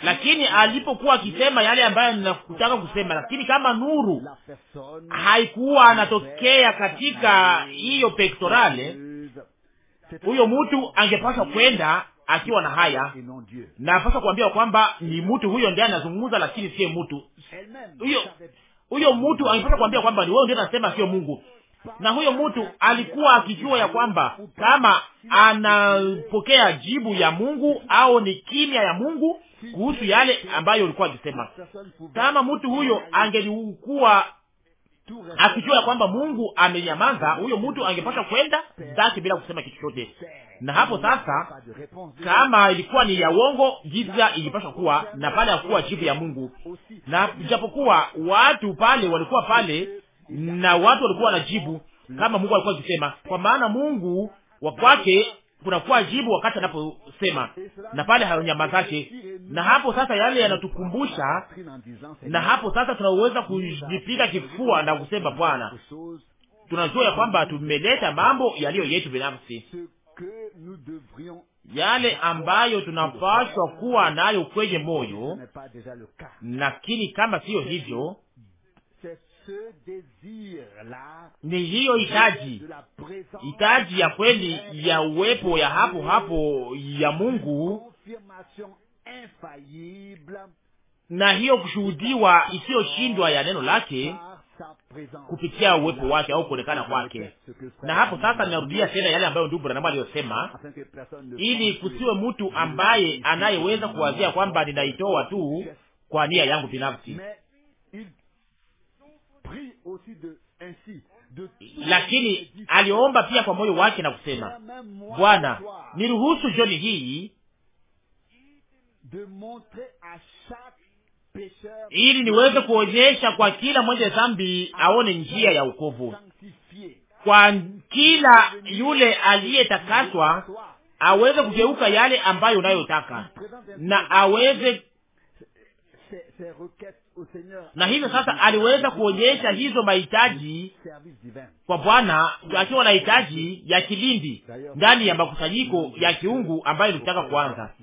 lakini alipokuwa akisema yale ambayo nakutaka kusema, lakini kama nuru haikuwa anatokea katika hiyo pektorale, huyo mtu angepaswa kwenda akiwa na haya, na sasa kuambia kwamba ni mtu huyo ndiye anazungumza, lakini sio mtu huyo. Huyo mtu angepasa kuambia kwamba ni wewe ndiye anasema, sio Mungu. Na huyo mtu alikuwa akijua ya kwamba kama anapokea jibu ya Mungu au ni kimya ya Mungu kuhusu yale ambayo ulikuwa akisema. Kama mtu huyo angelikuwa akijua ya kwamba Mungu amenyamaza, huyo mtu angepasha kwenda zake bila kusema kitu chochote. Na hapo sasa, kama ilikuwa ni ya uongo, giza ilipashwa kuwa na pale hakuwa jibu ya Mungu, na japokuwa watu pale walikuwa pale na watu walikuwa wanajibu kama Mungu alikuwa akisema, kwa maana Mungu wa kwake kunakuwa jibu wakati anaposema na pale zake Na hapo sasa yale yanatukumbusha, na hapo sasa tunaweza kujipiga kifua na kusema Bwana, tunajua ya kwamba tumeleta mambo yaliyo yetu binafsi, yale ambayo tunapaswa kuwa nayo kwenye moyo, lakini kama siyo hivyo ni hiyo hitaji, hitaji ya kweli ya uwepo ya hapo hapo ya Mungu na hiyo kushuhudiwa isiyoshindwa ya neno lake kupitia uwepo wake au kuonekana kwake. Na hapo sasa, ninarudia tena yale ambayo ndugu Branamu aliyosema, ili kusiwe mtu ambaye anayeweza kuwazia kwamba ninaitoa tu kwa nia yangu binafsi, lakini aliomba pia kwa moyo wake na kusema, Bwana, niruhusu jioni hii ili niweze kuonyesha kwa kila mwenye dhambi aone njia ya ukovu, kwa kila yule aliyetakaswa aweze kugeuka yale ambayo unayotaka na aweze na hivyo sasa aliweza kuonyesha hizo mahitaji kwa Bwana akiwa na hitaji ya kilindi ndani ya makusanyiko ya kiungu ambayo ilitaka kuanza,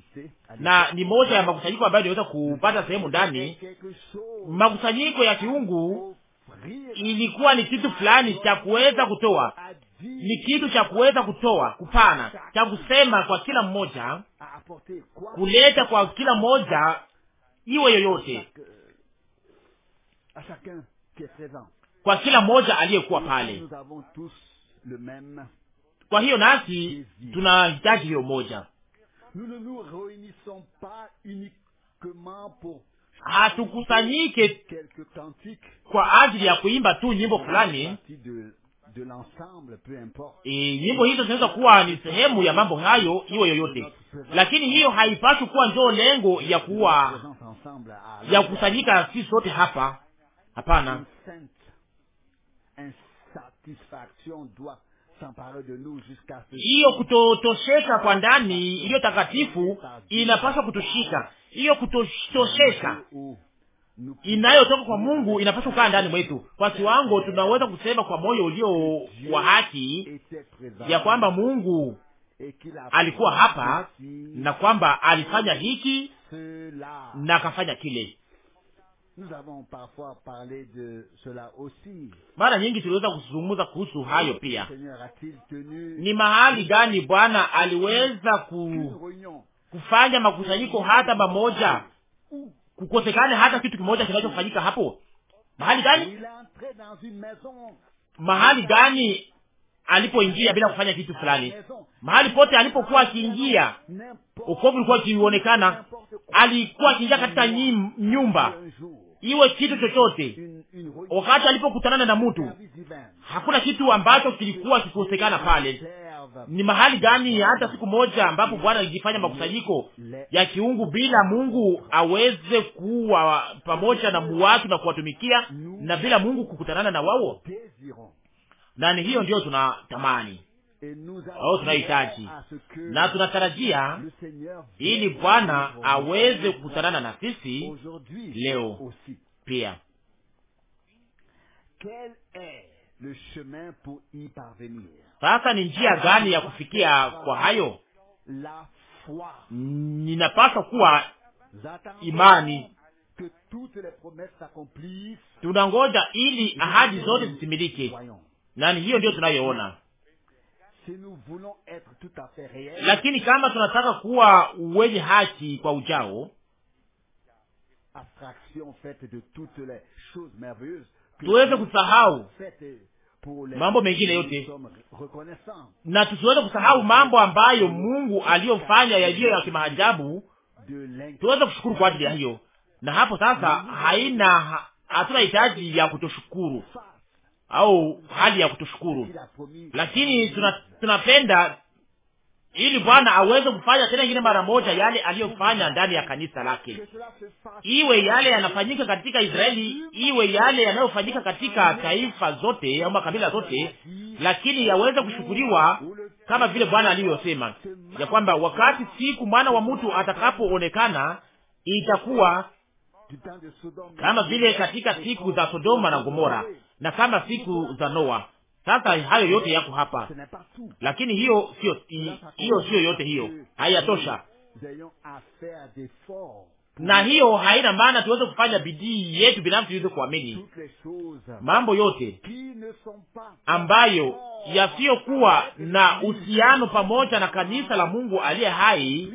na ni moja ya makusanyiko ambayo iliweza kupata sehemu ndani. Makusanyiko ya kiungu ilikuwa ni kitu fulani cha kuweza kutoa, ni kitu cha kuweza kutoa, kupana, cha kusema kwa kila mmoja, kuleta kwa kila mmoja, iwe yoyote kwa kila mmoja aliyekuwa pale. Kwa hiyo nasi tunahitaji hiyo moja. Hatukusanyike kwa ajili ya kuimba tu nyimbo fulani. E, nyimbo hizo zinaweza kuwa ni sehemu ya mambo hayo, iwe yoyote, lakini hiyo haipaswi kuwa ndio lengo ya kuwa ya kukusanyika sisi sote hapa Hapana, hiyo kutotosheka kwa ndani iliyo takatifu inapaswa kutushika. Hiyo kutotosheka inayotoka kwa Mungu inapaswa kukaa ndani mwetu. Kwa kiwango tunaweza kusema kwa moyo ulio wa haki ya kwamba Mungu alikuwa hapa na kwamba alifanya hiki na akafanya kile. Mara nyingi tuliweza kuzungumza kuhusu hayo pia. Ni mahali gani Bwana aliweza ku, kufanya makusanyiko hata mamoja kukosekane hata kitu kimoja kinachofanyika hapo? Mahali gani? Mahali gani alipoingia bila kufanya kitu fulani? Mahali pote alipokuwa akiingia, ukovu ulikuwa ukionekana. Alikuwa akiingia katika nyumba iwe kitu chochote. Wakati alipokutanana na mtu, hakuna kitu ambacho kilikuwa kikosekana pale. Ni mahali gani hata siku moja ambapo Bwana alijifanya makusanyiko ya kiungu bila Mungu aweze kuwa pamoja na watu na kuwatumikia, na bila Mungu kukutanana na wao? Na ni hiyo ndiyo tunatamani au tunahitaji, na tunatarajia ili Bwana aweze kukutanana na sisi leo pia. Sasa ni njia gani ya kufikia kwa hayo? Ninapaswa kuwa imani tunangoja ili ahadi zote zitimilike, na ni hiyo ndiyo tunayoona lakini kama tunataka kuwa wenye haki kwa ujao, tuweze kusahau mambo mengine yote na tusiweze kusahau mambo ambayo Mungu aliyofanya yaliyo ya kimaajabu. Tuweze kushukuru kwa ajili ya hiyo, na hapo sasa haina hatuna hitaji ya kutoshukuru au hali ya kutushukuru, lakini tuna, tunapenda ili Bwana aweze kufanya tena ingine mara moja yale aliyofanya ndani ya kanisa lake, iwe yale yanafanyika katika Israeli, iwe yale yanayofanyika katika taifa zote au makabila zote, lakini yaweze kushukuriwa kama vile Bwana aliyosema ya kwamba wakati siku mwana wa mtu atakapoonekana itakuwa kama vile katika siku za Sodoma na Gomora na kama siku za Noa. Sasa hayo yote yako hapa, lakini hiyo sio hiyo, sio yote hiyo, haiyatosha na hiyo haina maana tuweze kufanya bidii yetu binafsi tuweze kuamini mambo yote ambayo yasiyokuwa na uhusiano pamoja na kanisa la Mungu aliye hai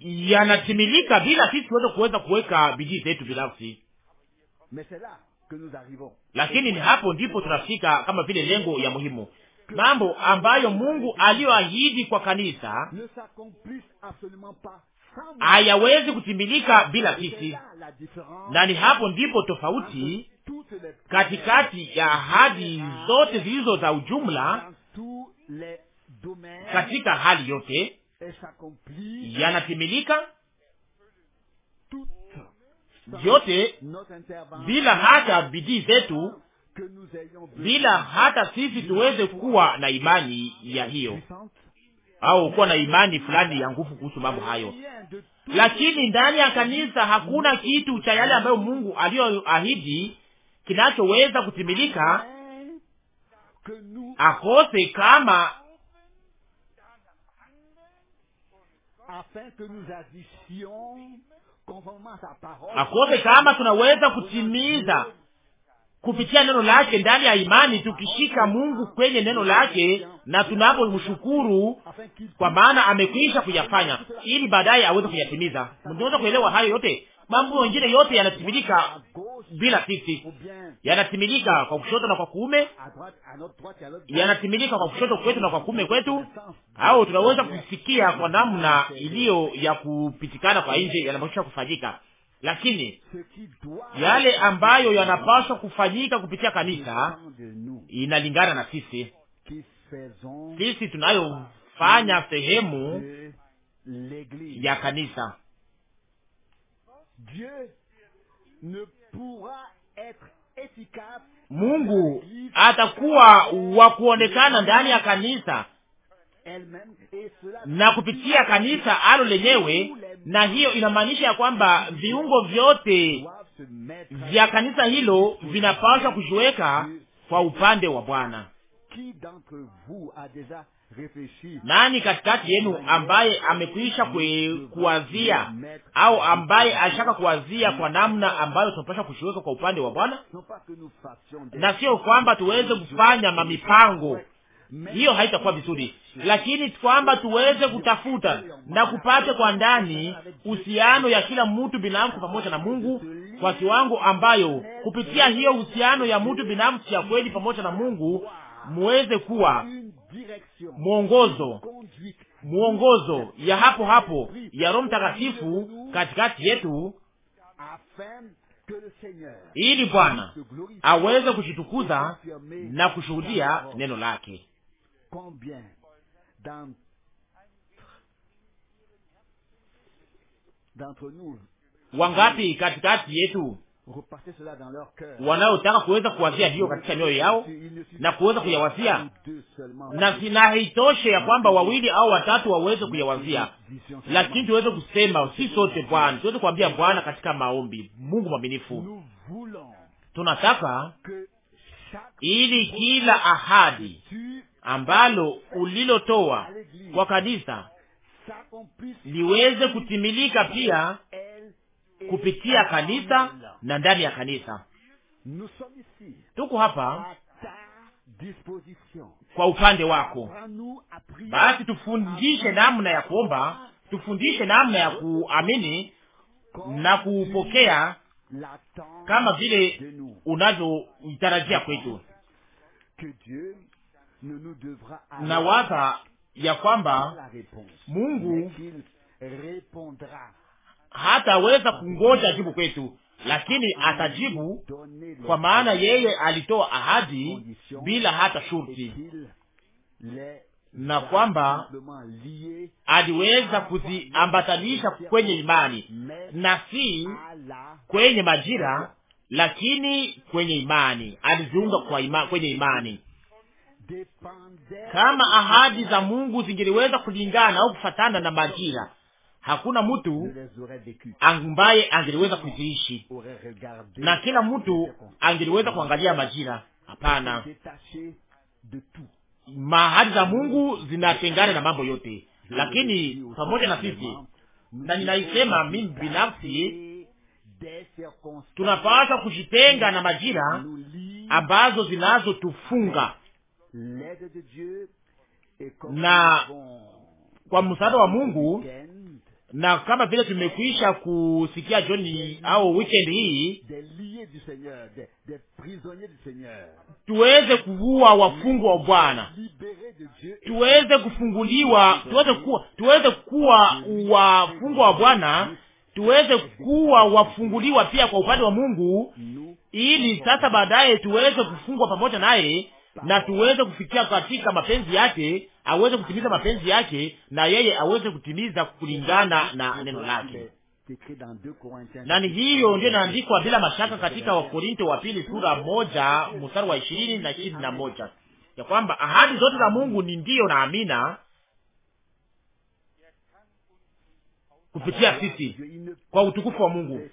yanatimilika bila sisi tuweze kuweza kuweka bidii zetu binafsi, lakini ni hapo ndipo tunafika kama vile lengo ya muhimu mambo ambayo Mungu aliyoahidi kwa kanisa hayawezi kutimilika bila sisi, na ni hapo ndipo tofauti katikati ya ahadi zote zilizo za ujumla katika hali yote yanatimilika vyote bila hata bidii zetu, bila hata sisi tuweze kuwa na imani ya hiyo au ah, kuwa na imani fulani ya nguvu kuhusu mambo hayo. Lakini ndani ya kanisa hakuna kitu cha yale ambayo Mungu aliyoahidi kinachoweza kutimilika akose kama Akose kama tunaweza kutimiza kupitia neno lake ndani ya imani, tukishika Mungu kwenye neno lake na tunapomshukuru, kwa maana amekwisha kuyafanya, ili baadaye aweze kuyatimiza. Mnaweza kuelewa hayo yote? mambo mengine yote yanatimilika bila sisi, yanatimilika kwa kushoto na kwa kuume, yanatimilika kwa kushoto kwetu na kwa kuume kwetu, au tunaweza kusikia kwa namna iliyo ya kupitikana kwa nje, yanapaswa kufanyika. Lakini yale ambayo yanapaswa kufanyika kupitia kanisa inalingana na sisi. Sisi tunayofanya sehemu ya kanisa Mungu atakuwa wa kuonekana ndani ya kanisa na kupitia kanisa alo lenyewe, na hiyo inamaanisha ya kwamba viungo vyote vya kanisa hilo vinapaswa kujiweka kwa upande wa Bwana. Nani katikati yenu ambaye amekwisha kuwazia au ambaye ashaka kuwazia kwa namna ambayo tunapasha kushuweka kwa upande wa Bwana, na sio kwamba tuweze kufanya mamipango hiyo haitakuwa vizuri, lakini kwamba tuweze kutafuta na kupata kwa ndani uhusiano ya kila mtu binafsi pamoja na Mungu kwa kiwango ambayo kupitia hiyo uhusiano ya mtu binafsi ya kweli pamoja na Mungu muweze kuwa mwongozo mwongozo ya hapo hapo ya Roho Mtakatifu katikati yetu, ili Bwana aweze kushitukuza na kushuhudia neno lake. Wangapi katikati yetu wanaotaka kuweza kuwazia hiyo katika mioyo yao na kuweza kuyawazia, na vinahitoshe ya kwamba wawili au watatu waweze kuyawazia, lakini tuweze kusema si sote, Bwana, tuweze kuambia Bwana katika maombi. Mungu mwaminifu, tunataka ili kila ahadi ambalo ulilotoa kwa kanisa liweze kutimilika pia kupitia kanisa na ndani ya kanisa. Tuko hapa kwa upande wako, basi tufundishe namna ya kuomba, tufundishe namna ya kuamini na kupokea kama vile unavyoitarajia kwetu. Na waza ya kwamba Mungu hataweza kungoja jibu kwetu, lakini atajibu, kwa maana yeye alitoa ahadi bila hata shurti, na kwamba aliweza kuziambatanisha kwenye imani na si kwenye majira, lakini kwenye imani aliziunga kwa ima, kwenye imani. Kama ahadi za Mungu zingeliweza kulingana au kufatana na majira hakuna mtu ambaye angeliweza kuziishi na kila mtu angeliweza kuangalia majira. Hapana, mahadi za Mungu zinatengana na mambo yote, lakini pamoja na sisi, na ninaisema mimi binafsi, tunapaswa kujitenga na majira ambazo zinazotufunga na kwa msaada wa Mungu na kama vile tumekwisha kusikia joni au weekend hii, tuweze kuua wafungwa wa Bwana, tuweze kufunguliwa, tuweze kuwa, tuweze kuwa wafungwa wa Bwana, tuweze kuwa wafunguliwa pia kwa upande wa Mungu, ili sasa baadaye tuweze kufungwa pamoja naye na tuweze kufikia katika mapenzi yake, aweze kutimiza mapenzi yake, na yeye aweze kutimiza kulingana na neno lake. Na ni hiyo ndiyo inaandikwa bila mashaka katika Wakorinto wa pili sura moja mstari wa ishirini na ishirini na moja ya kwamba ahadi zote za Mungu ni ndiyo na amina kupitia sisi kwa utukufu wa Mungu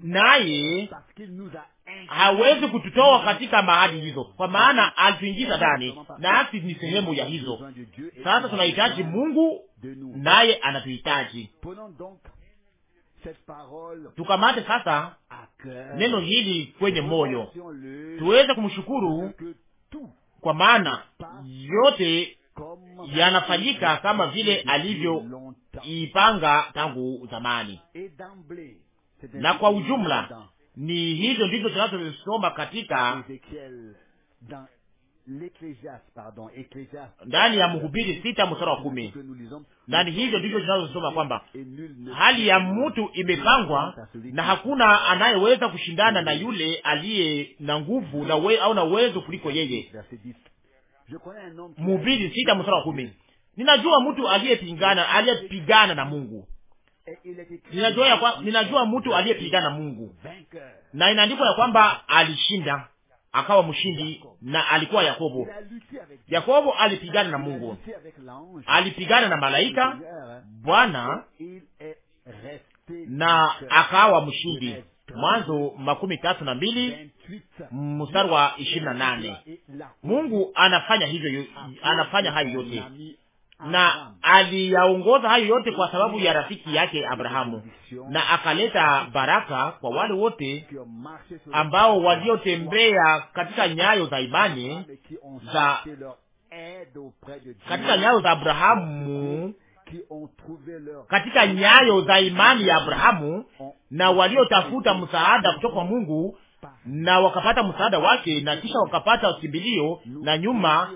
naye hawezi kututoa katika mahadi hizo, kwa maana alituingiza ndani, nasi ni sehemu ya hizo. Sasa tunahitaji Mungu, naye anatuhitaji. Tukamate sasa neno hili kwenye moyo, tuweze kumshukuru kwa maana yote yanafanyika kama vile alivyoipanga tangu zamani na kwa ujumla ni hivyo ndivyo tunazosoma katika ndani ya Mhubiri sita mstari wa kumi na ni hivyo ndivyo tunazosoma kwamba hali ya mtu imepangwa na hakuna anayeweza kushindana na yule aliye na nguvu na we, au na uwezo kuliko yeye. Mhubiri sita mstari wa kumi ninajua mtu aliyepingana aliyepigana na Mungu Ninajua ninajua mtu aliyepigana Mungu, na inaandikwa ya kwamba alishinda akawa mshindi, na alikuwa Yakobo. Yakobo alipigana na Mungu, alipigana na malaika Bwana na akawa mshindi. Mwanzo makumi tatu na mbili mstari wa ishirini na nane. Mungu anafanya hivyo, anafanya hayo yote na aliyaongoza hayo yote kwa sababu ya rafiki yake Abrahamu, na akaleta baraka kwa wale wote ambao waliotembea katika nyayo za imani za katika nyayo za Abrahamu katika nyayo za imani ya Abrahamu na waliotafuta msaada kutoka kwa Mungu na wakapata msaada wake, na kisha wakapata kimbilio, na nyuma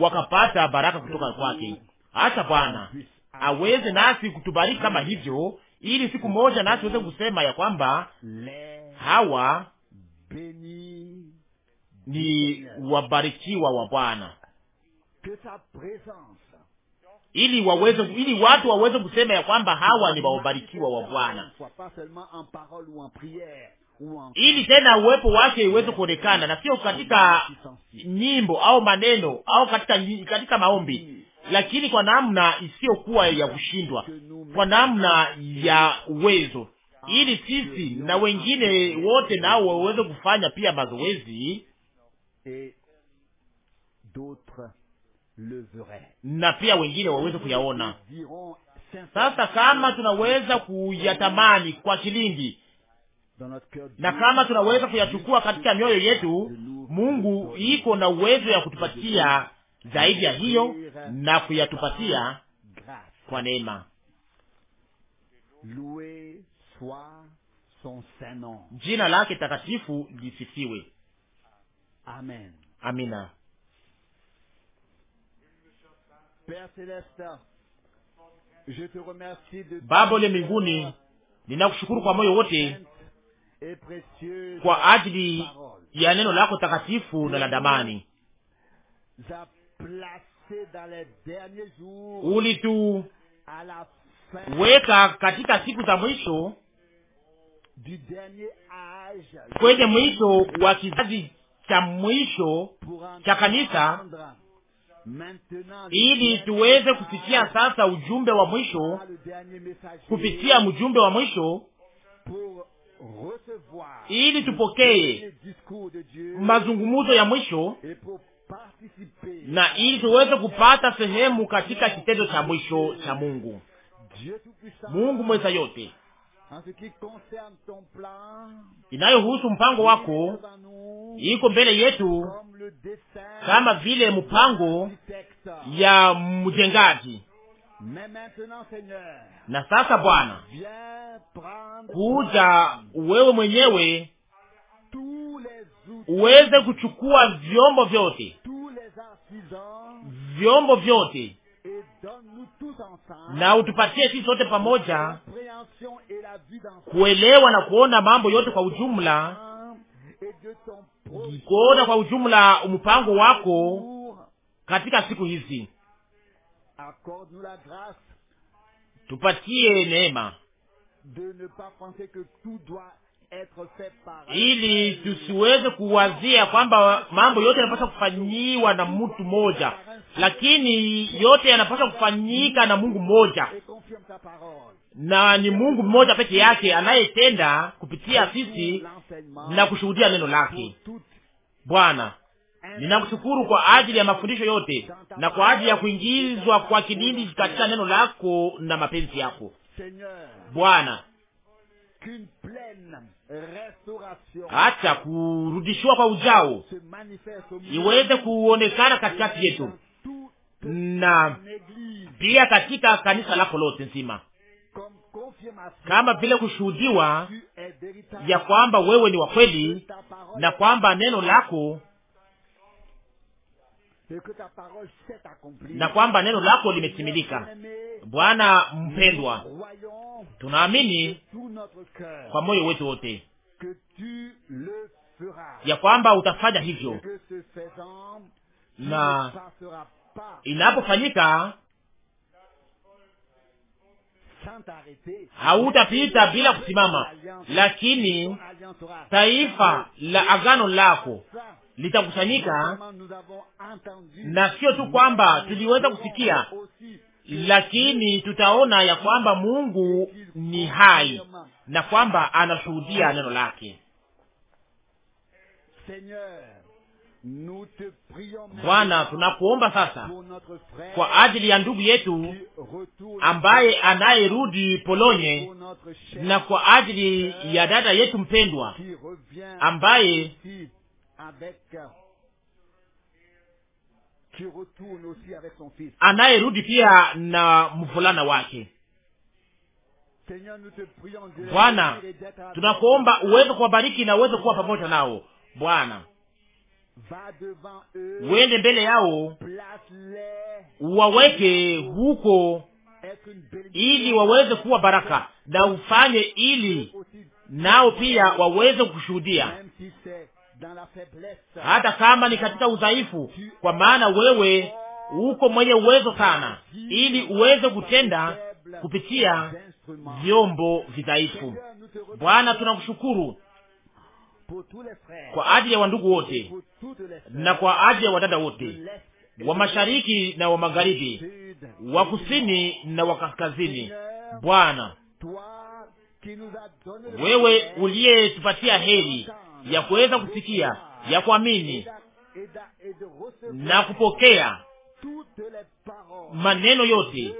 wakapata baraka kutoka kwake hata Bwana aweze nasi kutubariki kama hivyo, ili siku moja nasi weze kusema ya kwamba hawa ni wabarikiwa wa Bwana, ili waweze ili watu waweze kusema ya kwamba hawa ni wabarikiwa wa Bwana, ili tena uwepo wake iweze kuonekana na sio katika nyimbo au maneno au katika katika maombi lakini kwa namna isiyokuwa ya kushindwa, kwa namna ya uwezo, ili sisi na wengine wote nao waweze kufanya pia mazoezi na pia wengine waweze kuyaona. Sasa kama tunaweza kuyatamani kwa shilingi na kama tunaweza kuyachukua katika mioyo yetu, Mungu iko na uwezo ya kutupatia zaidi ya hiyo na kuyatupatia kwa neema. Jina lake takatifu lisifiwe. Amen. Amina. Baba le mbinguni, ninakushukuru kwa moyo wote kwa ajili ya neno lako takatifu na la damani ulituweka katika siku za mwisho kwenye mwisho wa kizazi cha mwisho cha kanisa ili tuweze kufikia sasa ujumbe wa mwisho kupitia mjumbe wa mwisho ili tupokee mazungumzo ya mwisho na ili tuweze kupata sehemu katika kitendo cha mwisho cha Mungu. Mungu mweza yote inayohusu mpango wako iko mbele yetu kama vile mpango ya mjengaji. Na sasa Bwana, kuja wewe mwenyewe uweze kuchukua vyombo vyote, vyombo vyote na utupatie sisi sote pamoja kuelewa na kuona mambo yote kwa ujumla, kuona kwa ujumla mpango wako katika siku hizi. Tupatie neema ili tusiweze kuwazia kwamba mambo yote yanapaswa kufanyiwa na mtu mmoja, lakini yote yanapaswa kufanyika na Mungu mmoja, na ni Mungu mmoja peke yake anayetenda kupitia sisi na kushuhudia neno lake. Bwana, ninakushukuru kwa ajili ya mafundisho yote na kwa ajili ya kuingizwa kwa kidindi katika neno lako na mapenzi yako Bwana hata kurudishiwa kwa ujao iweze kuonekana katikati yetu na pia katika kanisa lako lote nzima, kama vile kushuhudiwa ya kwamba wewe ni wa kweli na kwamba neno lako na kwamba neno lako limetimilika. Bwana mpendwa, tunaamini kwa moyo wetu wote ya kwamba utafanya hivyo, na inapofanyika hautapita bila kusimama, lakini taifa la agano lako litakusanyika, na sio tu kwamba tuliweza kusikia, lakini tutaona ya kwamba Mungu ni hai na kwamba anashuhudia neno lake. Bwana, tunakuomba sasa kwa ajili ya ndugu yetu ambaye anayerudi Polonye, na kwa ajili ya dada yetu mpendwa ambaye avec euh, anayerudi pia na mvulana wake. Bwana, tunakuomba uweze kuwabariki na uweze kuwa pamoja nao. Bwana, uende mbele yao, uwaweke huko ili waweze kuwa baraka, na ufanye ili nao pia waweze kushuhudia hata kama ni katika udhaifu, kwa maana wewe uko mwenye uwezo sana, ili uweze kutenda kupitia vyombo vidhaifu. Eh Bwana, tunakushukuru kwa ajili ya wandugu wote na kwa ajili ya wadada wote wa mashariki na wa magharibi, wa kusini na wa kaskazini. Bwana, wewe uliyetupatia heri ya kuweza kusikia, ya kuamini na kupokea maneno yote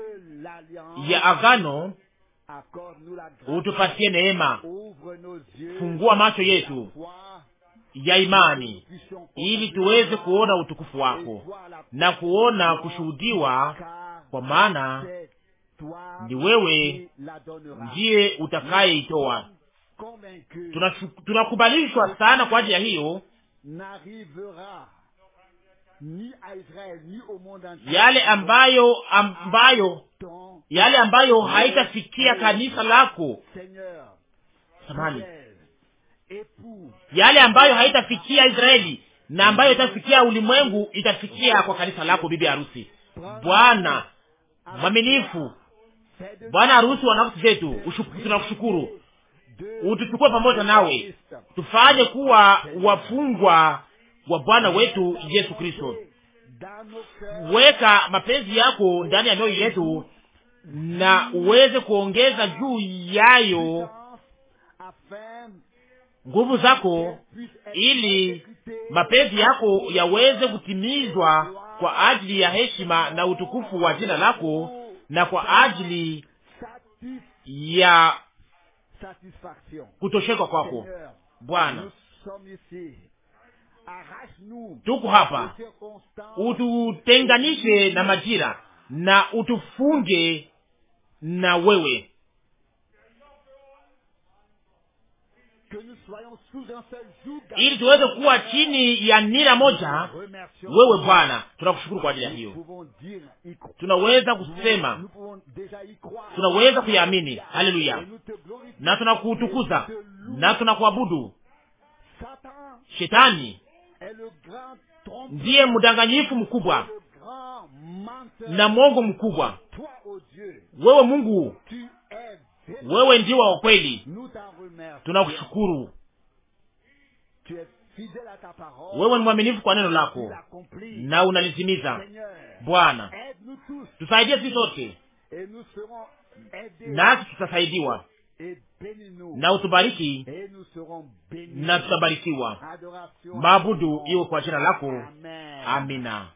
ya agano utupatie neema. Fungua macho yetu ya imani, ili tuweze kuona utukufu wako na kuona kushuhudiwa, kwa maana ni wewe ndiye utakayeitoa tunakubalishwa sana kwa ajili ya hiyo yale ambayo ambayo yale ambayo haitafikia kanisa lako samani, yale ambayo haitafikia Israeli na ambayo itafikia ulimwengu itafikia kwa kanisa lako, bibi harusi. Bwana mwaminifu, Bwana harusi wa nafsi zetu, tunakushukuru utuchukue pamoja nawe, tufanye kuwa wafungwa wa Bwana wetu Yesu Kristo. Weka mapenzi yako ndani ya mioyo yetu na uweze kuongeza juu yayo nguvu zako, ili mapenzi yako yaweze kutimizwa kwa ajili ya heshima na utukufu wa jina lako na kwa ajili ya kutoshekwa kwako Bwana. Tuko hapa, ututenganishe na majira na utufunge na wewe ili tuweze kuwa chini ya nira moja. Wewe Bwana, tunakushukuru kwa ajili ya hiyo. Tunaweza kusema, tunaweza kuyaamini. Haleluya! Na tunakutukuza na tunakuabudu. Shetani ndiye mdanganyifu mkubwa na mwongo mkubwa. Wewe Mungu wewe ndiwa wa kweli, tunakushukuru. Wewe ni mwaminifu kwa neno lako na unalitimiza. Bwana, tusaidie sisi sote, nasi tutasaidiwa na utubariki na tutabarikiwa. Maabudu iwe kwa jina lako. Amina.